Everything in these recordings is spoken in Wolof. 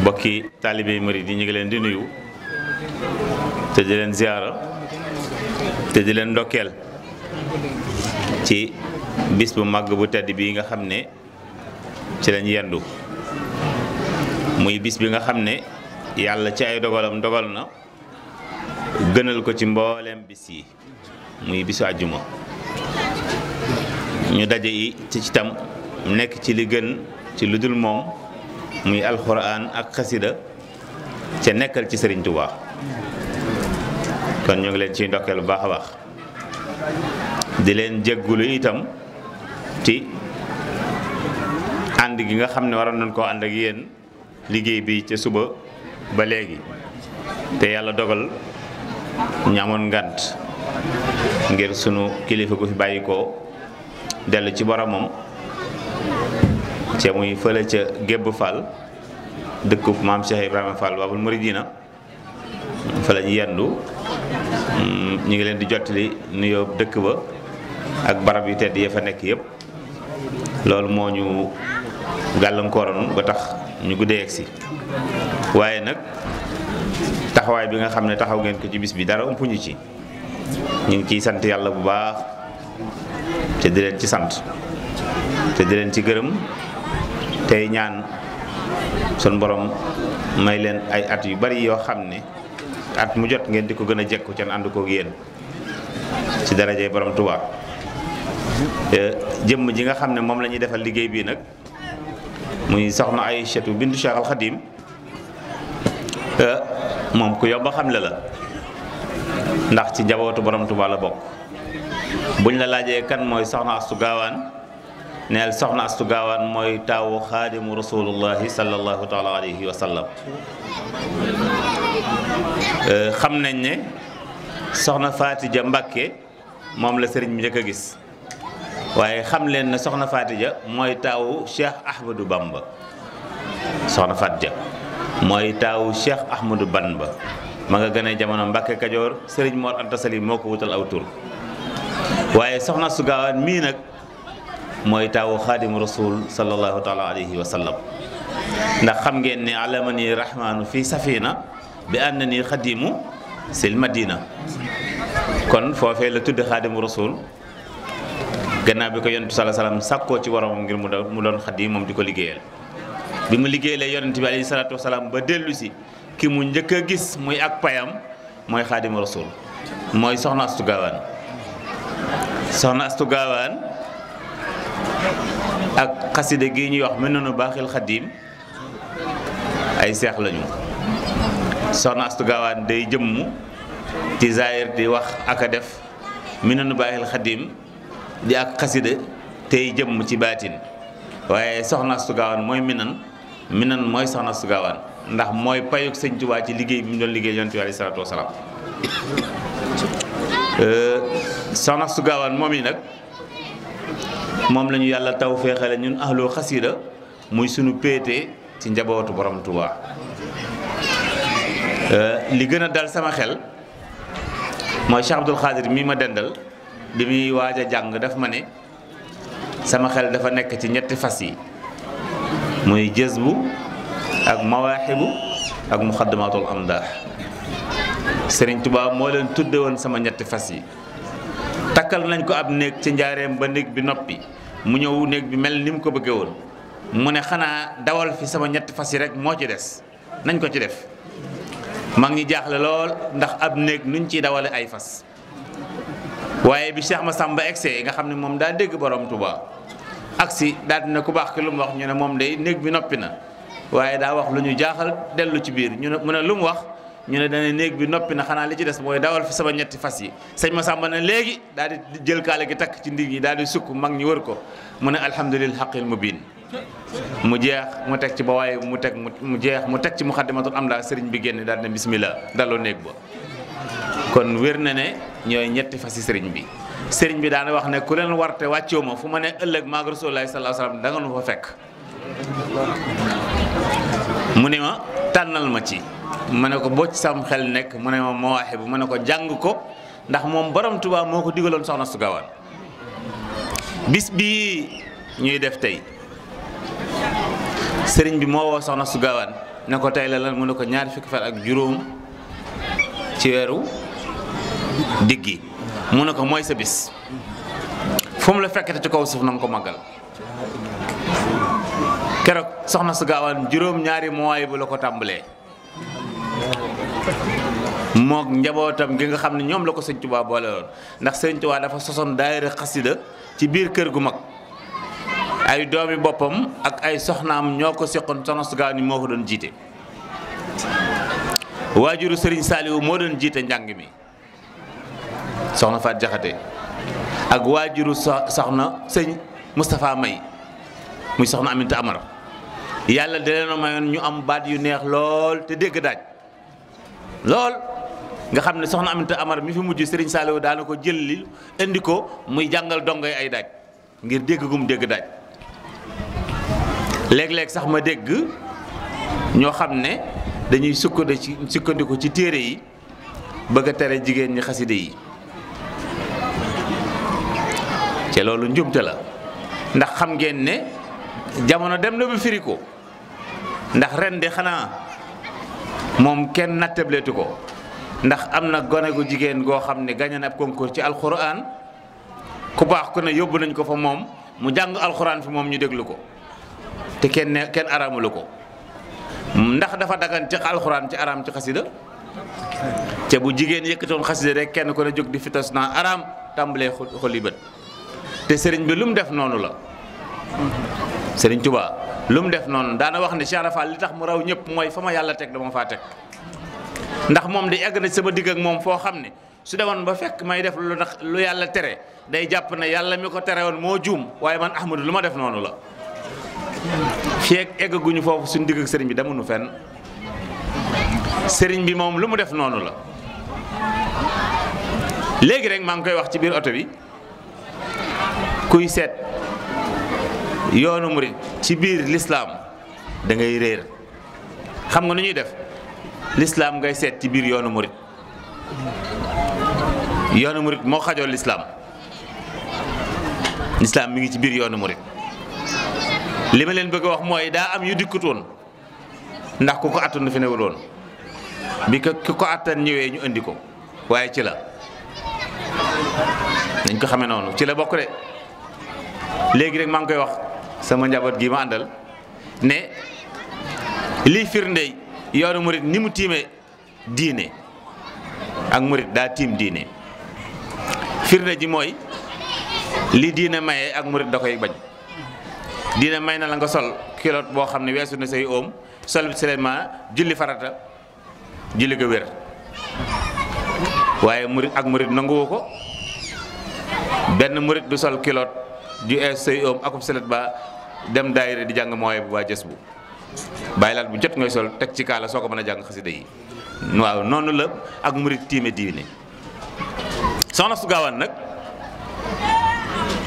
mbokki taalibe murid yi ñu ngi leen di nuyu te di leen ziyaara te di leen ndokkeel ci bis bu màgg bu tedd bi nga xam ne ci lañ yendu muy bis bi nga xam ne yàlla ci ay dogalam dogal na gënal ko ci mbooleem bis yi muy bisu àjjuma ñu daje yi ci ci tam nekk ci li gën ci lu dul moom muy alxuraan ak xasida ca nekkal ci Sëriñ Tuubaa kon ñu ngi leen ciy ndokkeel lu baax a baax di leen jéggulu itam ci ànd gi nga xam ne waroon nañ koo ànd ak yéen liggéey bi ca suba ba léegi te yàlla dogal ñu amoon ngant ngir sunu kilifa gu fi bàyyikoo ko dellu ci boromam ca muy fële ca gébb Fall dëkkub maam Cheikh Ibrahima Fall Babul Muridina fa la ñu yendu mm, ñu ngi leen di jottali nuyoo dëkk ba ak barab yu tedd ya fa nekk yépp loolu moo ñu gàllankooroon ba tax ñu guddee egsi waaye nag taxawaay bi nga xam ne taxaw ngeen ko ci bis bi dara umpuñu ci ñu ngi ciy sant yàlla bu baax te di leen ci sant te di leen ci gërëm tey ñaan sun borom may leen ay at yu bari yoo xam ne at mu jot ngeen di ko gën a jekku ceen ànd koog yéen ci darajee borom Tuubaa eh, jëmm ji nga xam ne moom la ñuy defal liggéey bii nag muy soxna Aysatu bintu Cheikh Al Xadim Euh, moom ku yomb xamle la ndax ci njabootu borom Tuubaa la bokk buñ la laajee kan mooy soxna Astu Gaawaan neel soxna Astu Gaawaan mooy taawu xaadimu rasulullahi sallallahu taala alayhi wa sallam euh, xam nañ ne soxna Faatija Mbàkke moom la sëriñ bi njëkk a gis waaye xam leen ne soxna Faatija mooy taawu Cheikh Ahmadou Bamba soxna ja mooy taawu Cheikh Ahmadou ba ma nga gane jamono mbakk Kajoor sëriñ Mor Anta moo ko wutal aw tur waaye soxna su gaawaan mii nag mooy taawu xaadimu rasul sallallahu taala alayhi wa ndax xam ngeen ne alamani rahmaanu fi safina bi ànd na ni xadimu sil madina kon foofee la tudd xaadimu rasul gannaaw bi ko yontu sala salaam sàkkoo ci waramam ngir mu doon mu doon moom di ko liggéeyal bi mu liggéeylee yonent bi alayhi salaatu ba dellusi si ki mu njëkk a gis muy ak payam mooy xaadimu rasul mooy soxna astu gaawaan soxna astu gaawaan ak xasida gi ñuy wax mën nanu baaxil xadim ay seex lañu soxna day jëmm ci zaahir di wax ak a def mën nanu baaxil xadim di ak xasida tey jëmm ci baatin waaye soxna astu gaawaan mooy minan mi nan mooy soxna su gaawaan ndax mooy payuk sëñ Tuubaa ci liggéey bi mu doon liggéey yonent bi aleyhi salaatu wa salaam euh, su gaawaan moom yi nag moom lañu yàlla taw féexale ñun ahloo xasiida muy sunu péete ci njabootu borom Tuubaa euh, li gën a dal sama xel mooy Cheikh Abdoul Khadir mii ma dendal bi muy waaj a jàng daf ma ne sama xel dafa nekk ci ñetti fas yi muy jazbu ak mawaaxibu ak muxaddamaatul amdaax sëriñ Tuubaa moo leen tudde woon sama ñetti fas yi takkal nañ ko ab néeg ci njaareem ba néeg bi noppi mu ñëw néeg bi mel ni mu ko bëgge woon mu ne xanaa dawal fi sama ñetti fas yi rek moo ci des nañ ko ci def mag ngi jaaxle lool ndax ab néeg nuñ ciy dawalee ay fas waaye bi ma Cheikh Massamba egsee nga xam ne moom daa dégg borom Touba agsi daal na ku baax ki lu mu wax ñu ne moom day néeg bi noppi na waaye daa wax lu ñu jaaxal dellu ci biir ñu ne mu ne lu mu wax ñu ne dana néeg bi noppi na xanaa li ci des mooy dawal fi sama ñetti fas yi sëñ Masamba ne léegi daal di jël kaale gi takk ci ndig yi daal di sukk mag ñi wër ko mu ne alhamdulil mu mubin mu jeex mu teg ci ba waaye mu teg mu jeex mu teg ci mu muxaddimatul am daa sëriñ bi génn daal di ne bismillah daloo néeg ba kon wér yi sëriñ bi sëriñ bi daana wax ne ku leen warte wàccewu ma fu ma ne ëllëg maag rasulullahi sallallahu alayhi wasallam da nu fa fekk mu ne ma tànnal ma ci ma ne ko bocc sam xel nekk mu ne ma mawaaxe bu ma ne ko jàng ko ndax moom borom tubaab moo ko digaloon soxna su gaawaan bis bii ñuy def tey sëriñ bi moo woo soxna su gaawaan ne ko tey la lan mu ne ko ñaar fukki fer ak juróom ci weeru diggi mu ne ko mooy sa bis fu mu la fekkete ci kaw suuf na nga ko màggal keroog soxna su gaawaan juróom-ñaari mooy bu la ko tàmbalee mook njabootam gi nga xam ne ñoom la ko sëñ Tuubaa boole woon ndax sëñ dafa sosoon daayira xasida ci biir kër gu mag ay doomi boppam ak ay soxnaam ñoo ko seqoon soxna su gaawaan moo ko doon jiite waajuru sëriñ Saaliwu moo doon jiite njàng mi soxna Faat Jaxate ak waajuru soxna sëñ mustafaa May muy soxna Aminta Amar yàlla da mayoon ñu am baat yu neex lool te dégg daaj lool nga xam ne soxna Aminta Amar mi fi mujj Serigne Saliou daana ko jël li indi ko muy jàngal dongoy ay daaj ngir dégg gum dégg daaj léeg-léeg sax ma dégg ñoo xam ne dañuy sukkandiku ci sukkandiku ci téere yi bëgg tere jigéen ñi xaside yi ce loolu njumte la ndax xam ngeen ne jamono dem na bu firi ko ndax ren de xanaa moom kenn nattabletu ko ndax am na gone gu jigéen goo xam ne gañe na ab concours ci alxuraan ku baax ku ne yóbbu nañ ko fa moom mu jàng alxuraan fi moom ñu déglu ko te kenn ne kenn araamalu ko ndax dafa daggan ci alxuraan ci araam ci xasida te bu jigéen yëkkatoon xasida rek kenn ku ne jóg di fitas naa araam tàmbalee xoli bët te sëriñ bi lu mu def noonu la sëriñ Tuubaa lu mu def noonu daana wax ne Cheikh Rafal li tax mu raw ñëpp mooy fa ma yàlla teg dama faa teg ndax moom di egg na sama digg ak moom foo xam ne su demoon ba fekk may def lu ndax lu yàlla tere day jàpp ne yàlla mi ko tere woon moo juum waaye man Ahmadu lu ma def noonu la feeg eggaguñu foofu suñu digg ak sëriñ bi demunu fenn sëriñ bi moom lu mu def noonu la léegi rek maa ngi koy wax ci biir oto bi kuy seet yoonu murit ci biir lislaam dangay réer xam nga nu ñuy def lislaam ngay seet ci biir yoonu murit yoonu murit moo xajoo lislaam lislaam mi ngi ci biir yoonu murit li leen bëgg a wax mooy daa am yu dikkutoon ndax ku ko attanu fi newul woon bi ko ko attan ñëwee ñu indi ko waaye ci la dañ ko xamee noonu ci la bokk de léegi rek maa ngi koy wax sama njaboot gi ma àndal ne lii firndey yoonu murit ni mu tiime diine ak morit daa tiim diine firnde ji mooy li diine maye ak murit da koy bañ diine may na la nga sol kiloot boo xam ne weesu na say oom sol bi seulement julli farata julli ko wér waaye murit ak murit nanguwu ko benn murit du sol kiloot ju ees say oom akub selet ba dem daayira di jàng mooy bu waa jës bu bàyyi laat bu jot ngay sol teg ci kaala soo ko mën a jàng xasida yi waaw noonu la ak murit tiime diine soxna su gaawaan nag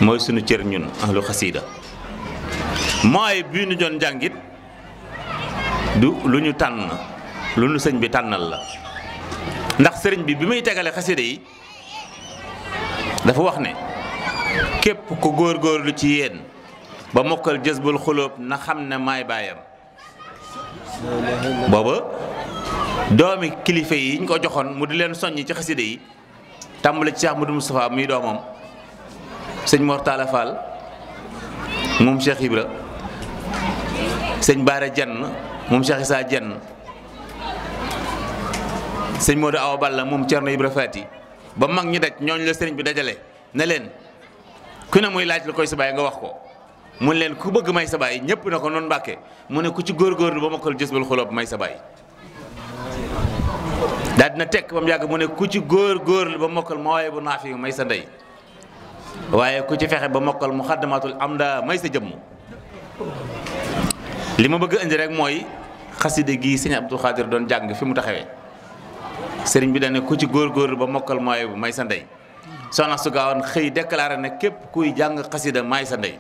mooy sunu cër ñun ahlu xasida mooy bii nu doon jàngit du lu ñu tànn lu la ndax sëriñ bi bi muy tegale xasida yi dafa wax ne képp góor góorgóorlu ci yéen ba mokkal jësbul xulóob na xam ne maay baayam booba doomi kilifa yi ñu ko joxoon mu di leen soññ ci xaside yi tàmbale ci Cheikh Modou Moustapha muy doomam sëñ Mortala Fall moom Cheikh Ibra sëñ Baara Jenn moom Cheikh saa Jenn sëñ Modou Awa Balla moom Cerno Ibra Faati ba mag ñi daj ñooñu la sëriñ bi dajale ne leen ku ne muy laaj lu koy sa baay nga wax ko mun leen ku bëgg may sa baay ñëpp na ko noonu mbàkke mu ne ku ci góorgóorlu ba mokkal jës bul xuloob may sa baay daal dina tekk ba mu mu ne ku ci góorgóorlu ba mokkal ma waaye bu naafi may sa ndey waaye ku ci fexe ba mokkal mu xaddamaatul amda may sa jëmm li ma bëgg indi rek mooy xaside gii sëñ Abdou Khadir doon jàng fi mu taxawee sëriñ bi dane ku ci góor góorgóorlu ba mokkal ma bu may sa ndey soxna su gaawoon xëy déclaré ne képp kuy jàng xasida maay sa ndey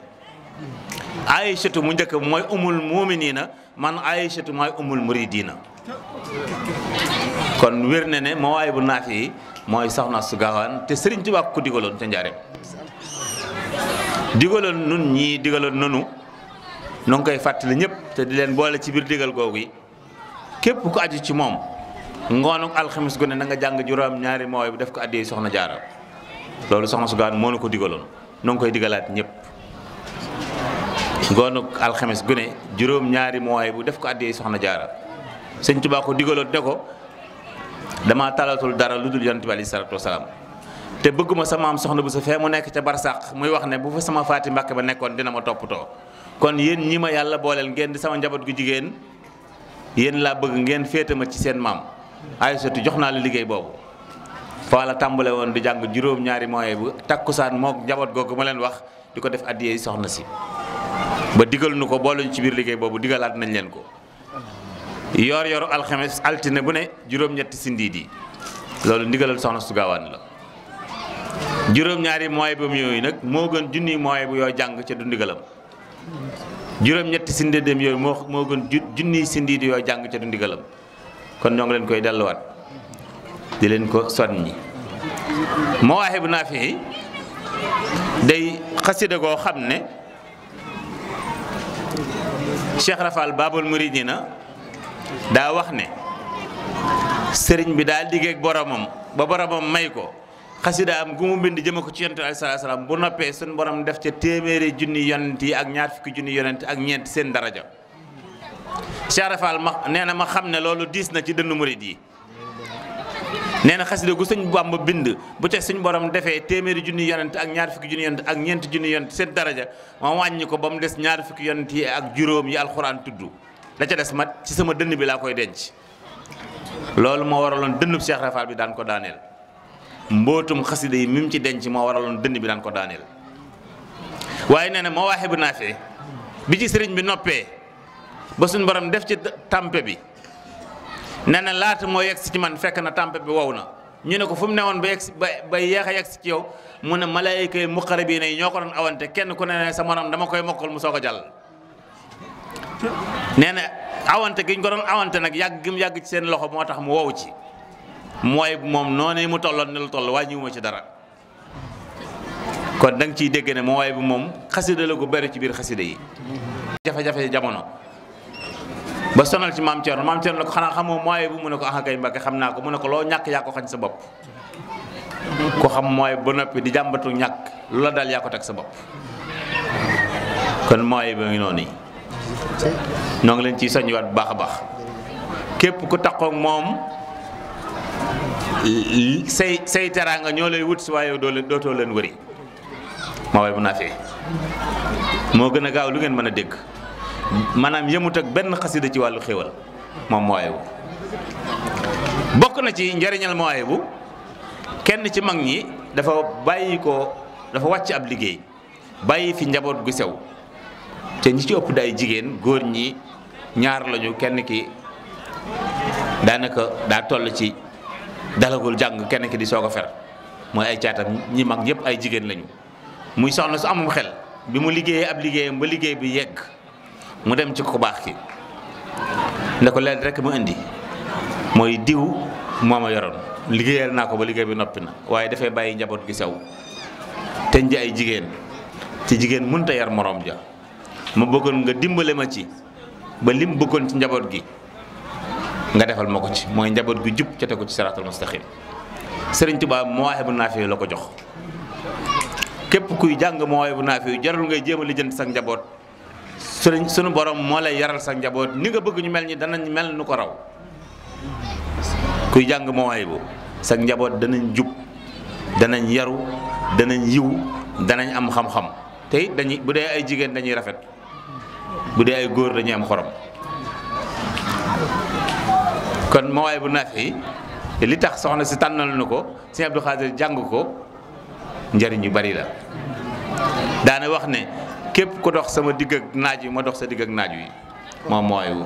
Aïchatu mu njëkk mooy umul muminina man Aïchatu mooy umul muridina kon wér na ne moo waay bu naafi yi mooy soxna su gaawaan te Sëriñ Tuubaa ku digaloon ca njaareem digaloon nun ñii digaloon nanu nu ngi koy fàttali ñëpp te di leen boole ci biir digal googu yi képp ku aju ci moom ngoonuk alxames gu ne na nga jàng juróom ñaari mooy bu def ko addee soxna jaaram loolu soxna Sugaan moo nu ko digaloon noo ngi koy digalaat ñëpp. ngoonu alxames gu ne juróom-ñaari mooy bu def ko àddee soxna jaara sëñ Tuubaa ko digaloon ne ko dama talatul dara lu dul yonent bi aleyhi salaatu wasalaam te bëgguma sama am soxna bu sa fee mu nekk ca barsàq muy wax ne bu fa sama faati mbàkke ba nekkoon dina ma toppatoo kon yéen ñi ma yàlla booleel ngeen di sama njaboot gu jigéen yéen laa bëgg ngeen féete ma ci seen maam Aysatu jox naa la liggéey boobu fa la tàmbale woon di jàng juróom-ñaari mooy bu takkusaan mook njaboot googu ma leen wax di ko def addiyee soxna si ba digal nu ko booluñ ci biir liggéey boobu digalaat nañ leen ko yor yoru alxames altine bu ne juróom-ñetti sindiit yi loolu ndigalal soxna su gaawaan la juróom-ñaari mooy bu mu yooyu nag moo gën junni mooy bu yoo jàng ca du ndigalam juróom-ñetti sindiitam yooyu moo moo gën junni sindiit yoo jàng ca du ndigalam kon ñoo ngi leen koy delluwaat di leen ko soññi naa Naafi day xasida goo xam ne Cheikh Rafal Baabul Muridina daa wax ne sëriñ bi daa liggéey ak boromam ba boromam may ko xasida am gu mu bind jëme ko ci yonent alayhi salaam bu noppee suñ borom def ca téeméeri junni yonent yi ak ñaar fukki junni yonent ak ñeent seen daraja Cheikh Rafal ma nee na ma xam ne loolu diis na ci dënnu murid yi nee na xasida gu sëñ Bàmba bind bu te suñ borom defee téeméeri junni yonent ak ñaar fukki junni yonent ak ñeenti junni yonent seen daraja ma wàññi ko ba mu des ñaar fukki yonent yi ak juróom yi alxuraan tudd la ca des mat ci sama dënn bi laa koy denc loolu moo waraloon dënnub Cheikh Rafaal bi daan ko daaneel mbootum xasida yi mi mu ci denc moo waraloon dënn bi daan ko daaneel waaye nee nag moo na naa Naafi bi ci sëriñ bi noppee ba suñ borom def ci tàmpe bi nee na laata moo yegg si ci man fekk na tàmpe bi wow na ñu ne ko fu mu newoon ba yegg ba ba yeex a yegg si ci yow mu ne mu yi muqarrabiin yi ñoo ko doon awante kenn ku ne ne sa morom dama koy mokkal mu soog a na awante gi ko doon awante nag yàgg gi yàgg ci seen loxo moo tax mu wow ci mooy moom noonu mu tolloon ne lu toll wàññiwuma ci dara kon dang ciy dégg ne waaye bi moom xasida la ko bari ci biir xasida yi. jafe-jafe jamono. ba sonal ci maam Thierno maam ko xanaa xamoo mooy bu mu ne ko ah kay Mbàkke xam naa ko mu ne ko loo ñàkk yaa ko xañ sa bopp ku xam mooy ba noppi di jàmbatu ñàkk lu la dal yaa sa bopp kon mooy ba ngi noonu ñoo ngi leen ciy soññiwaat bu baax a baax képp ku taxoog moom say say teraanga ñoo lay wut si waaye doo leen dootoo leen wëri moo way bu naafee moo gën a gaaw lu ngeen mën a dégg maanaam yëmut ak benn xasida ci wàllu xéwal moom mooyewu bokk na ci njariñal bu kenn ci mag ñi dafa bàyyi ko dafa wàcc ab liggéey bàyyi fi njaboot gu sew te ñi ci ëpp ay jigéen góor ñi ñaar lañu kenn ki daanaka daa toll ci dalagul jàng kenn ki di soog a fer mooy ay caatam ñi mag ñëpp ay jigéen lañu muy soxna su amum xel bi mu liggéeyee ab liggéeyam ba liggéey bi yegg mu dem ci ku baax ki ne ko leen rek mu indi mooy diw moo ma yoroon liggéeyal naa ko ba liggéey bi noppi na waaye dafay bàyyi njaboot gi sew te nji ay jigéen te jigéen mënta yar moroom ja ma bëggoon nga dimbale ma ci ba lim bëggoon ci njaboot gi nga defal ma ko ci mooy njaboot gi jub ca ko ci siraatul mustaqim sëriñ Tuubaa Mawaahibu Naafi la ko jox képp kuy jàng bu Naafi jarul ngay jéem a lijjanti sa njaboot sëriñ sunu boroom moo lay yaral sa njaboot ni nga bëgg ñu mel ni danañ mel nu ko raw kuy jàng moo ay bu sa njaboot danañ jub danañ yaru danañ yiw danañ am xam-xam te it dañuy bu dee ay jigéen dañuy rafet bu dee ay góor dañuy am xorom kon moo bu naafi yi li tax soxna si tànnal na ko sëñ Abdou Xaadir jàng ko njariñ yu bari la daana wax ne képp ko dox sama digg ak naaj wi ma dox sa digg ak naaj wi moom mooy wu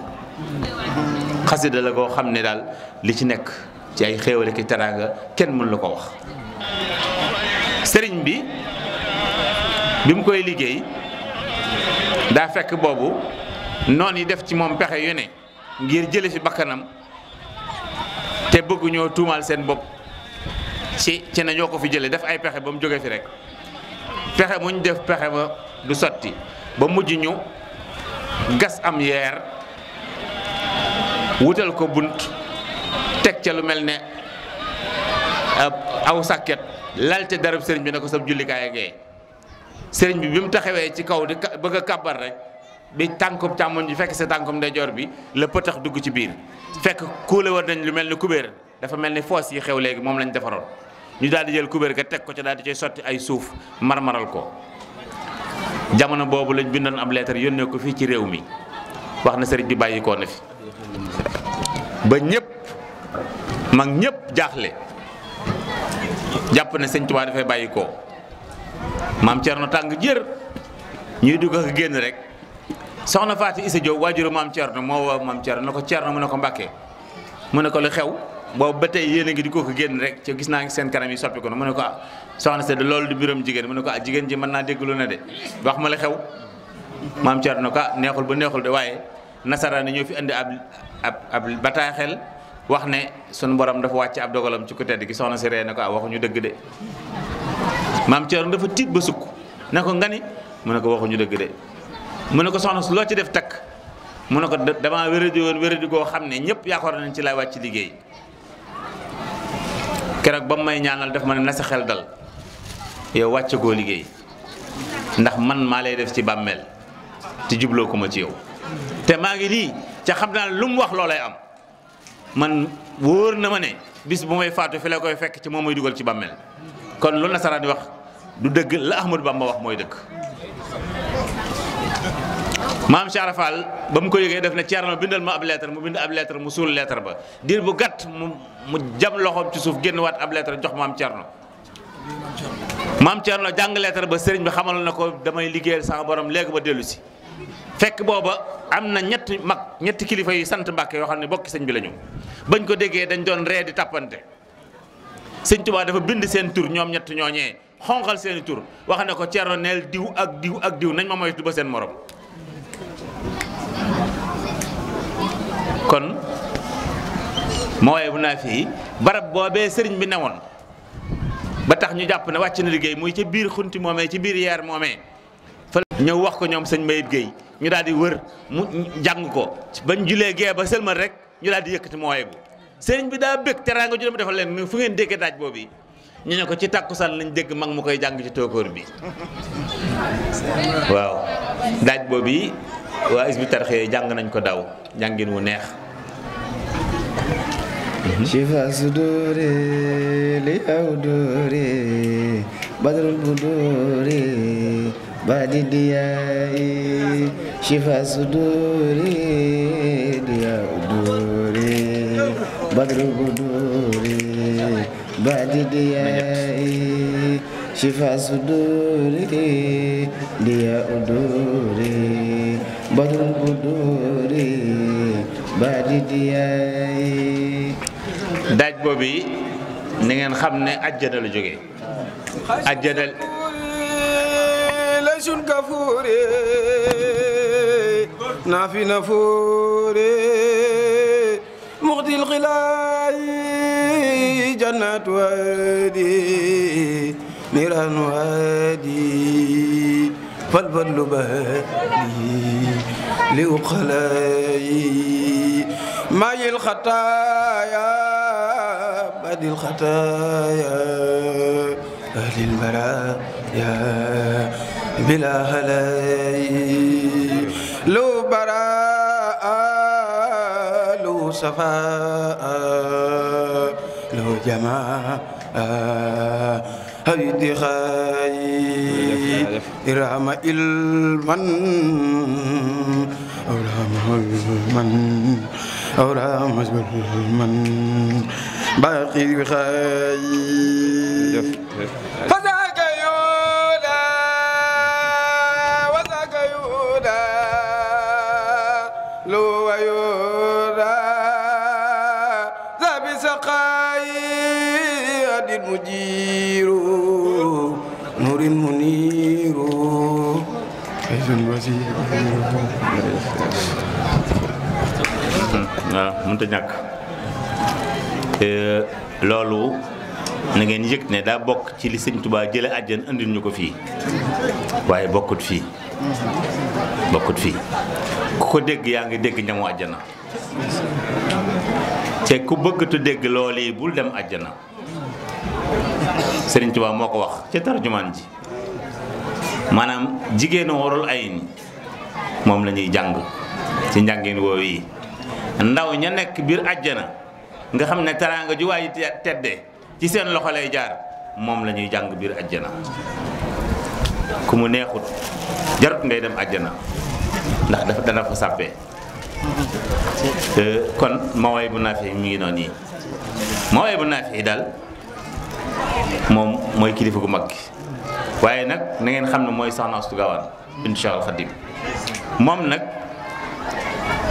xasida la koo xam ne daal li ci nekk ci ay xéewale ki teraanga kenn mën la ko wax sëriñ bi bi mu koy liggéey daa fekk boobu noon yi def ci moom pexe yu ne ngir jële ci bakkanam te bëgguñoo tuumaal seen bopp ci ci nañoo ko fi jële def ay pexe ba mu jóge fi rek pexe muñ def pexe ba du sotti ba mujj ñu gas am yeer wutal ko bunt teg ca lu mel ne aw sàkket lal ca darab sëriñ bi ne ko sab jullikaay a gee sëriñ bi bi mu taxawee ci kaw di bëgg kàbbar rek bi tànkum càmmoñ bi fekk sa tànkub ndeyjoor bi la pëtax dugg ci biir fekk kuule war nañ lu mel ni kubéer dafa mel ni foos yi xew léegi moom lañ defaroon ñu daal di jël kubéer ga teg ko ca daal di cay sotti ay suuf marmaral ko jamono boobu lañ bindoon ab leetar yónnee ko fii ci réew mi wax na sëriñ bi bàyyi na fi ba ñépp mag ñépp jaaxle jàpp ne sëñ Tuubaa dafay bàyyikoo koo maam Thierno tàng jër ñuy dugg ak génn rek soxna Faati Isa Jóob waajuru maam na moo woo maam Thierno na ko ceer Thierno mu ne ko Mbàkke mu ne ko lu xew. boobu ba tey yéen a di ko ko génn rek ci gis naa ngi seen kanam yi soppi ko na mu ne ko ah soxna si loolu du mbiram jigéen mu ne ko ah jigéen ji mën naa dégglu de wax ma la xew maam Thierno ko ah ba neexul de waaye nasaraan ñoo fi indi ab ab ab bataaxel wax ne sunu borom dafa wàcc ab dogalam ci ku tedd soxna si ree na ko ah dafa tiit ba sukk nga ni mu ne ko waxuñu dëgg de mu ne ko soxna loo ci def takk mu ne ko damaa wéradi woon wéradi koo xam ne ñëpp yaakaar nañ ci lay wàcc liggéey keroog ba mu may ñaanal def ma ne na xel dal yow wàcce goo liggéey ndax man maa lay def ci bàmmeel te jubloo ko ma ci yow te maa ngi nii ca xam naa lu mu wax loolay am man wóor na ma ne bis bu may faatu fi la koy fekk ci moom may dugal ci bàmmeel kon loolu nasaraan yi wax du dëgg la Ahmadou Bamba wax mooy dëkk maam Cheikh ba mu ko yëgee def ne Thierno bindal ma ab lettre mu bind ab lettre mu suul lettre ba diir bu gàtt mu mu jam loxoom ci suuf génn waat ab lettre jox maam Thierno. maam Thierno jàng lettre ba sëriñ bi xamal na ko damay liggéeyal sama borom léegi ba dellu si fekk booba am na ñett mag ñett kilifa yi sant Mbàkke yoo xam ne bokki sëñ bi lañu bañ ko déggee dañ doon ree di tàppante sëñ Tuubaa dafa bind seen tur ñoom ñett ñooñee xonqal seeni i tur wax ne ko Thierno neel diw ak diw ak diw nañ ma ba seen morom. kon mooy bu naa fii barab boobee sëriñ bi newoon ba tax ñu jàpp ne wàcc na liggéey muy ci biir xunti moomee ci biir yeer moomee fa ñëw wax ko ñoom sëñ Mayib Guèye ñu daal di wër mu jàng ko bañ julee gee ba sëlmal rek ñu daal di yëkkati mooy bu sëriñ bi daa bëgg teraanga ju dem defal leen fu ngeen déggee daaj boobu ñu ne ko ci tàkkusaan lañ dégg mag mu koy jàng ci tóokóor bi waaw daaj boobu waa Hizbut Tarqiyyah jàng nañ ko daw jàngin wu neex mhm. shifa suduri li awduri badrul buduri badi diyaayi shifa suduri li awduri badrul buduri badi diyaayi shifa suduri li awduri بدر البدور بعد دياي داج بوبي نين خامني اجنا لا جوغي اجنا لشن كفوري نافي نفوري مغدي الغلاي جنات وادي نيران وادي فالبل بالي لأقلاي ماي الخطايا بدي الخطايا أهل البرايا بلا هلاي لو براء لو صفاء لو جماء هيد خاي إرام إلمن أورام إلمن أورام إلمن باقي بخاي فذاك يولا وذاك يولا لو يولا ذا بسقاي مراد مجير نور waaw mënut a euh, loolu na ngeen yëg ne daa bokk ci li sëñ Touba jële àjjan andil ñu ko fii waaye bokkut fii bokkut fii ku ko dégg yaa ngi dégg ñamu àjjana te ku bëggatu dégg loolu yi bul dem àjjana Sëriñ Tuubaa moo ko wax ca tarjumaan ji maanaam jigéenu warul ay moom la ñuy jàng ci njàngin woowu yi ndaw ña nekk biir àjjana nga xam ne teraanga ju waaye tedde ci seen loxo lay jaar moom la ñuy jàng biir àjjana ku mu neexut jarut ngay dem àjjana ndax dafa dana fa sàppee euh, kon maway bu naafi mi ngi noonu yi maway bu naafi daal moom mooy kilifa gu mag gi waaye nag na ngeen xam ne mooy soxna Astu Gaawaan incha allah moom nag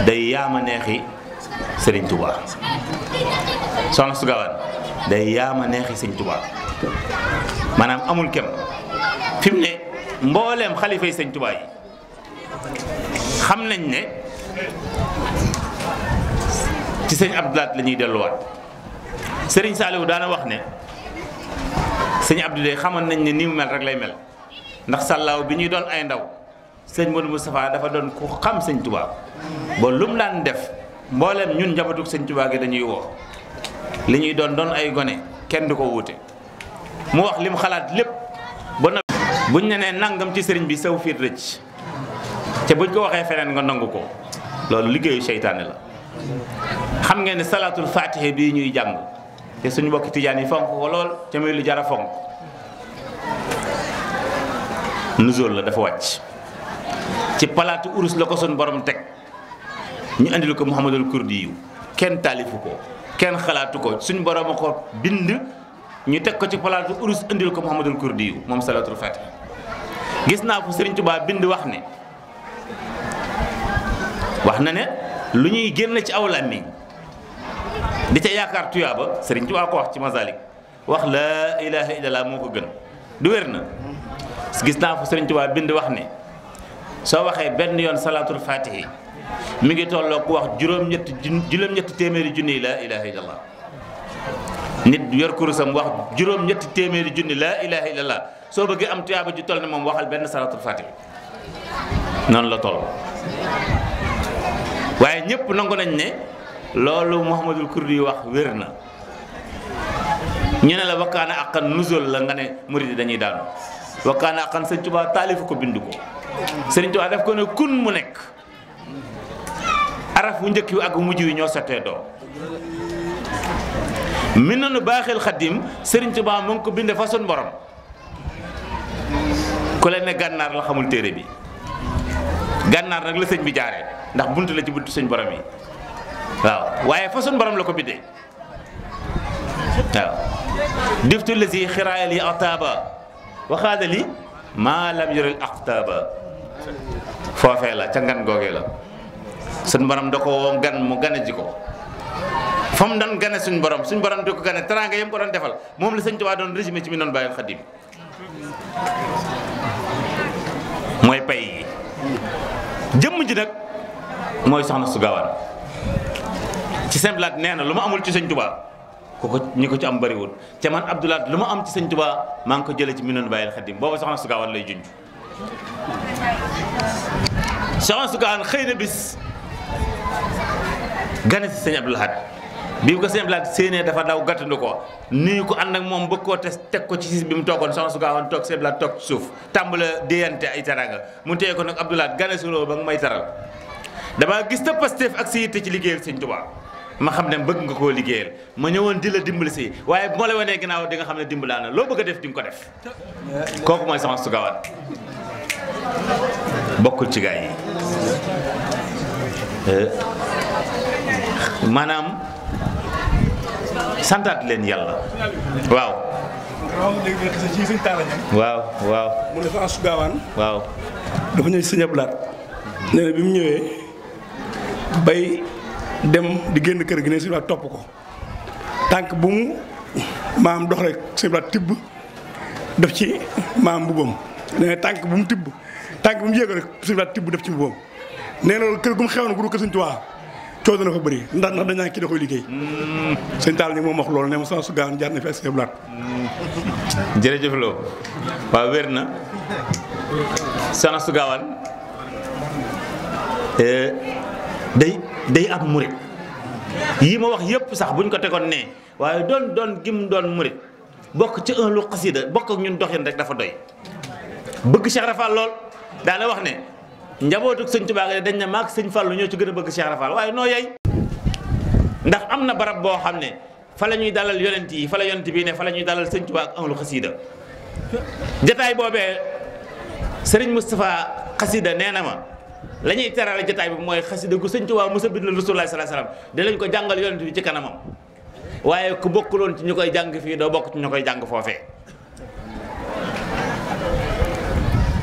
day yaam a neexi sëriñ Touba soxna Astu Gaawaan day yaama neexi Serigne Touba maanaam amul kem fi ne mbooleem xalifa yi Serigne Touba yi xam nañ ne ci Serigne Abdou Lahad la ñuy delluwaat Serigne Saliou daana wax ne. sëñ Abdou xamoon nañ ne nii mu mel rek lay mel ndax sàllaaw bi ñuy doon ay ndaw sëñ Modou Moustapha dafa doon ku xam sëñ Touba ba lu mu daan def mbooleem ñun njabootug sëñ Touba gi dañuy woo li ñuy doon doon ay gone kenn du ko wuute mu wax li mu xalaat lépp ba na buñ ne nee nangam ci sëriñ bi sew fiit rëcc te buñ ko waxee feneen nga nangu ko loolu liggéeyu seytaane la xam ngeen ne salaatul faatiha bii ñuy jàng te suñu mbokki tijaan yi fonk ko lool te muy lu jara fonk nuzul la dafa wàcc ci palaatu urus la ko sun borom teg ñu andil ko muhammadul kurdi yu kenn taalifu ko kenn xalaatu ko suñu borom ko bind ñu teg ko ci palaatu urus indil ko muhammadul kurdi yu moom salaatul fatih gis naa fu Sëriñ Tuubaa bind wax ne wax na ne lu ñuy génn ci aw làmmiñ di ca yaakaar tuyaaba sëriñ Tuubaa ko wax ci Masalik wax laa ilaaha illallaah moo ko gën du wér na gis naa fu sëriñ Tuubaa bind wax ne soo waxee benn yoon salaatul faatihi mu ngi tolloo ku wax juróom-ñetti jun téeméeri junni laa ilaaha illallaah nit yor kurusam wax juróom-ñetti téeméeri junni laa ilaaha illallaah soo bëggee am tuyaaba ju toll ne moom waxal benn salaatul faatihi noonu la toll waaye ñëpp nangu nañ ne. loolu Mouhamadul yi wax wér na ñu ne la wakkaana aqan nuzul la nga ne murid dañuy daanu wakkaana aqan sëñ Tuubaa taalifu ko bind ko sëriñ Tuubaa ko ne kun mu nekk araf wu njëkk yu ak mujj wi ñoo sottee doo mi nanu baaxil xadim sëriñ Tuubaa mu ngi ko binde façon borom ku leen ne gànnaar la xamul téere bi gànnaar nag la sëñ bi jaare ndax bunt la ci buntu sëñ borom yi waaw waaye fa suñ borom la ko biddee waaw diftu lazi xiraayal yi ataaba waxaadali maa lam yoril foofee la ca ngan googee la suñ borom da ko woo gan mu gane ji ko fa mu doon gane suñ borom suñ borom di ko gane teraanga yam ko doon defal moom la sëñ Tuubaa doon résumé ci mi noonu bàyyil xaddim mooy pay jëmm ji nag mooy soxna su gaawaan ci seen laat nee na lu ma amul ci sëñ Tuubaa ku ko ñi ko ci am bëriwul te man Abdoulaat lu ma am ci sëñ tubaa maa ngi ko jëlee ci Minanu Baayil Xadim booba soxna su gaawaan lay junj soxna xëy na bis gane si sëñ Abdoulaat bi ko sëñ Abdoulaat séenee dafa daw gàttandu ko nuyu ko ànd ak moom bëgg koo te teg ko ci siis bi mu toogoon soxna su gaawaan toog sëñ Abdoulaat toog ci suuf tàmbale déyante ay taranga mu téye ko nag Abdoulaat gane si ba nga may taral damaa gis ta Pastef ak sa yitte ci liggéeyal sëñ Tuubaa ma xam ne bëgg nga koo liggéeyal ma ñëwoon di la dimbali si waaye bu ma la wanee ginnaaw di nga xam ne dimbalaa loo bëgg def di nga ko def kooku mooy Soxna Astou Gawane bokkul ci gaay yi euh, maanaam santaat leen yàlla waaw waaw waaw dafa ñëw si sëñ bi mu ñëwee bay dem di génn kër gi ne Sëñ Abdu topp ko tànk bu mu maam dox rek Sëñ tibb def ci maam mbubbam nee tànk bu mu tibb tànk mu yéego rek Sëñ Abdu tibb def ci mbubbam nee na loolu kër gu mu xewoon gu du kër Sëñ Tuubaa coow dana fa bëri ndax ndax dañaa kii da koy liggéey. Mm. sëñ Tall ni moom wax loolu ne ma sama su gaan jaar na fi ak seen blaat. Mm. jërëjëf Lo waaw wér na sana su gaawaan eh, day day ab murit yii ma wax yépp sax buñ ko tegoon nee waaye doon doon gim doon murit bokk ci un lu bokk ak ñun doxin rek dafa doy bëgg Cheikh Rafal lool daana wax ne njabootuk sëñ Tuubaa gi dañ ne maag sëñ Fallu ñoo ci gën a bëgg Cheikh Rafal waaye noo yey ndax am na barab boo xam ne fa la ñuy dalal yonent yi fa la yonent bii ne fa la ñuy dalal sëñ Tuubaa ak un lu xasida jataay boobee sëriñ Moustapha xasida nee na ma la ñuy terale jotaay bi mooy xasida gu sëñ waa mos a bind Rasulullah sallallahu alayhi wasallam dinañ ko jàngal yonent bi ci kanamam waaye ku bokkuloon ci ñu koy jàng fii doo bokk ci ñu koy jàng foofee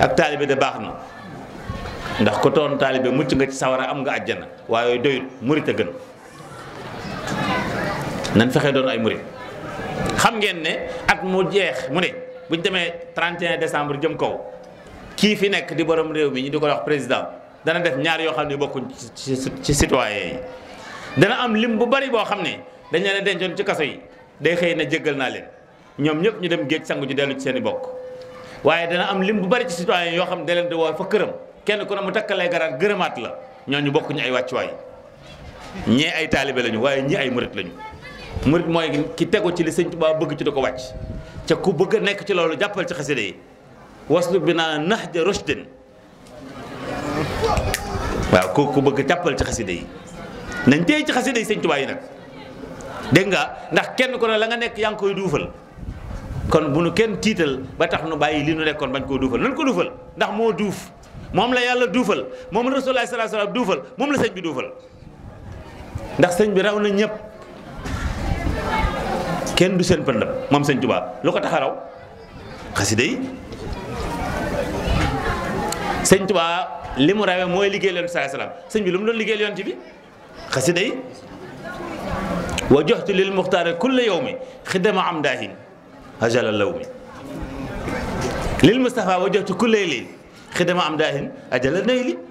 ak taalibe de baax na ndax ku toon taalibe mucc nga ci sawara am nga àjjana waaye doyut murit a gën nan fexe doon ay muri xam ngeen ne at mu jeex mu ne bu ñu demee 31 décembre jëm kaw kii fi nekk di borom réew mi ñu di ko wax président dana def ñaar yoo xam ne bokkuñ ci ci citoyen yi dana am lim bu bari boo xam ne dañ leen dencoon ci kaso yi day xëy na jéggal naa leen ñoom ñëpp ñu dem géej sangu ji dellu ci seen i bokk waaye dana am lim bu bari ci citoyen yoo xam ne da leen di woo fa këram ku ne mu takkalee garaat gërëmaat la ñoo ñu bokkuñu ay wàccuwaay ñee ay taalibe lañu waaye ñii ay murit lañu murit mooy ki tegu ci li sëñ Tuubaa bëgg ci da ko wàcc ca ku bëgg nekk ci loolu jàppal ci xasida yi waslu bi naa nax ja rushdin waaw ku ku bëgg jàppal ci xasida yi nañ tey ci xasida yi sëñ Tuubaa yi nag dégg nga ndax kenn ko ne la nga nekk yaa ngi koy duufal kon bu nu kenn tiital ba tax nu bàyyi li nu nekkoon bañ koo duufal nan ko duufal ndax moo duuf moom la yàlla duufal moom la Rasulullah sallallahu alayhi wasallam moom la sëñ bi duufal ndax sëñ bi raw na ñëpp kenn du seen pëndam moom sëñ Tuubaa lu ko tax a raw xasida yi sëñ Tuubaa li mu rawee mooy liggéeyal yonent bi salaam sëñ bi lu mu doon liggéeyal yonent bi xasida yi wa joxtu lil muxtaare kulla yawmi xidama am daahin ajala law mi lil Mustafa wa joxtu kulla lil xidama am daahin ajala nay li